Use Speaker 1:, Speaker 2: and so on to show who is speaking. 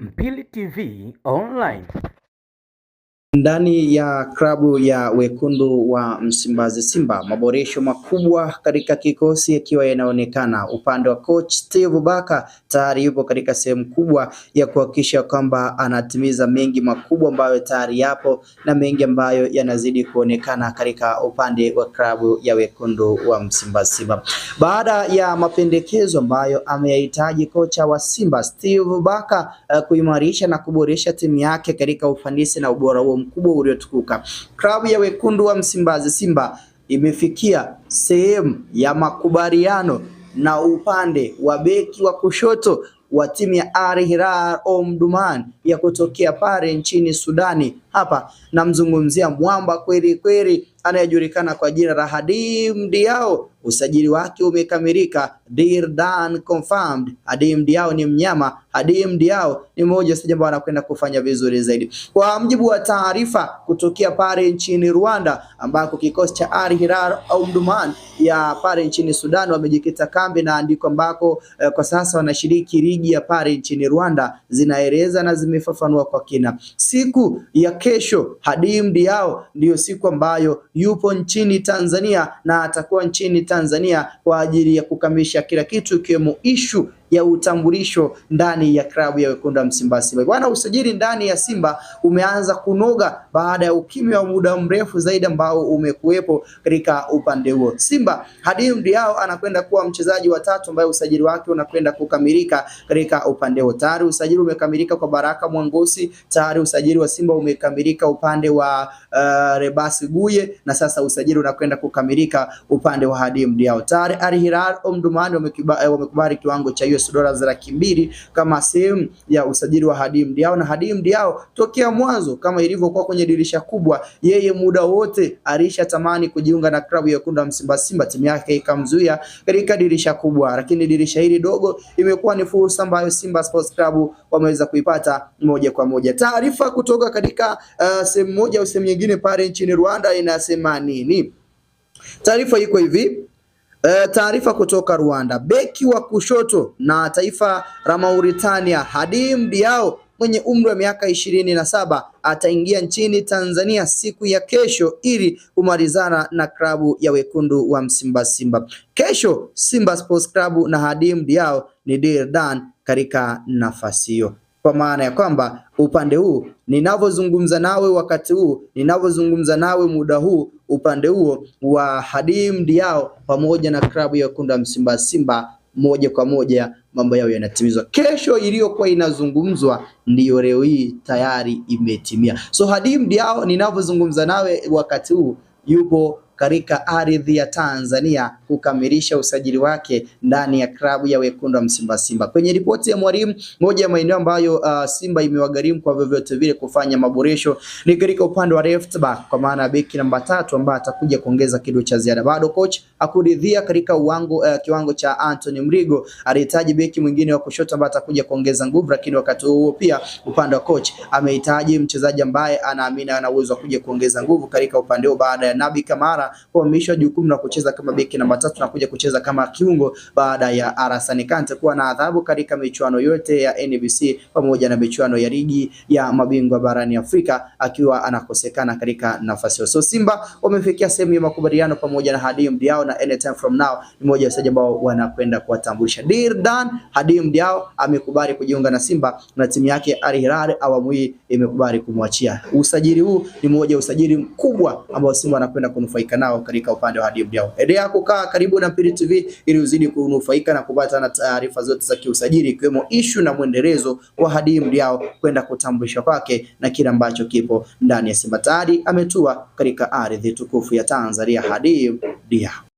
Speaker 1: Mpili TV Online.
Speaker 2: Ndani ya klabu ya wekundu wa Msimbazi Simba, maboresho makubwa katika kikosi yakiwa yanaonekana. Upande wa coach Steve Baka tayari yupo katika sehemu kubwa ya kuhakikisha kwamba anatimiza mengi makubwa ambayo tayari yapo na mengi ambayo yanazidi kuonekana katika upande wa klabu ya wekundu wa Msimbazi Simba, baada ya mapendekezo ambayo ameyahitaji kocha wa Simba Steve Baka uh, kuimarisha na kuboresha timu yake katika ufanisi na ubora huo mkubwa uliotukuka. Klabu ya wekundu wa Msimbazi Simba imefikia sehemu ya makubaliano na upande wa beki wa kushoto wa timu ya Al Hilal Omdurman ya kutokea pale nchini Sudani. Hapa namzungumzia mwamba kweli kweli anayejulikana kwa jina la Hadim Diao. Usajili wake umekamilika, deal done confirmed. Hadim Diao ni mnyama, Hadim Diao ni mmoja sasa, jambo anakwenda kufanya vizuri zaidi, kwa mjibu wa taarifa kutokea pale nchini Rwanda, ambako kikosi cha Al Hilal Omdurman ya pale nchini Sudan wamejikita kambi na andiko ambako eh, kwa sasa wanashiriki ligi ya pale nchini Rwanda, zinaeleza na zimefafanua kwa kina. Siku ya kesho Hadim Diao ndiyo siku ambayo yupo nchini Tanzania na atakuwa nchini Tanzania kwa ajili ya kukamilisha kila kitu ikiwemo ishu ya utambulisho ndani ya klabu ya wekundu wa Msimbazi Simba. Bwana, usajili ndani ya Simba umeanza kunoga baada ya ukimya wa muda mrefu zaidi ambao umekuwepo katika upande huo. Simba Hadim Diao anakwenda kuwa mchezaji wa tatu ambaye usajili wake unakwenda kukamilika katika upande huo. Tayari usajili umekamilika kwa Baraka Mwangosi, tayari usajili wa Simba umekamilika upande wa uh, Rebasi Guye na sasa usajili unakwenda kukamilika upande wa Hadim Diao. Tayari Al Hilal Omdurman eh, wamekubali kiwango cha US dola za laki mbili kama sehemu ya usajili wa Hadim Diao, na Hadim Diao tokea mwanzo kama ilivyokuwa kwenye dirisha kubwa, yeye muda wote tamani kujiunga na klabu ya Kunda Msimba Simba, timu yake ikamzuia katika dirisha kubwa, lakini dirisha hili dogo imekuwa ni fursa ambayo Simba Sports Club wameweza kuipata moja kwa moja. Taarifa kutoka katika uh, sehemu moja au sehemu nyingine pale nchini Rwanda inasema nini? Taarifa iko hivi. E, taarifa kutoka Rwanda. Beki wa kushoto na taifa la Mauritania Hadim Diao mwenye umri wa miaka ishirini na saba ataingia nchini Tanzania siku ya kesho ili kumalizana na klabu ya wekundu wa Msimba Simba. Kesho Simba Sports Club na Hadim Diao ni deal done katika nafasi hiyo, kwa maana ya kwamba upande huu ninavyozungumza nawe wakati huu ninavyozungumza nawe muda huu upande huo wa Hadim Diao pamoja na klabu ya Kunda Msimba Simba moja kwa moja mambo yao yanatimizwa. Kesho iliyokuwa inazungumzwa ndiyo leo hii tayari imetimia. So Hadim Diao ninavyozungumza nawe wakati huu yupo katika ardhi ya Tanzania kukamilisha usajili wake ndani ya klabu ya wekundu wa Msimba Simba. Kwenye ripoti ya mwalimu, moja ya maeneo ambayo uh, Simba imewagharimu kwa vyovyote vile kufanya maboresho ni katika upande wa left back, kwa maana beki namba tatu ambaye atakuja kuongeza kido cha ziada. Bado coach akuridhia katika uwango, uh, eh, kiwango cha Anthony Mrigo. Alihitaji beki mwingine wa kushoto ambaye atakuja kuongeza nguvu, lakini wakati huo pia upande wa coach amehitaji mchezaji ambaye anaamini ana uwezo wa kuja kuongeza nguvu katika upande huo, baada ya Nabi Kamara kuhamishwa jukumu la kucheza kama beki namba tatu na kuja kucheza kama kiungo baada ya Arasani Kante kuwa na adhabu katika michuano yote ya NBC pamoja na michuano ya ligi ya mabingwa barani Afrika akiwa anakosekana katika nafasi hiyo. So Simba wamefikia sehemu ya makubaliano pamoja na hadimu yao na anytime from now ni mmoja wa wachezaji ambao wanakwenda kuwatambulisha. Deardan Hadim Diao amekubali kujiunga na Simba na timu yake Al Hilal awamu hii imekubali kumwachia. Usajili huu ni mmoja wa usajili mkubwa ambao Simba wanakwenda kunufaika nao katika upande wa Hadim Diao. Endelea kukaa karibu na Mpira TV ili uzidi kunufaika na kupata na taarifa zote za kiusajili ikiwemo ishu na mwendelezo wa Hadim Diao kwenda kutambulishwa kwake na kile ambacho kipo ndani ya Simba. Tayari ametua katika ardhi tukufu ya Tanzania Hadim Diao.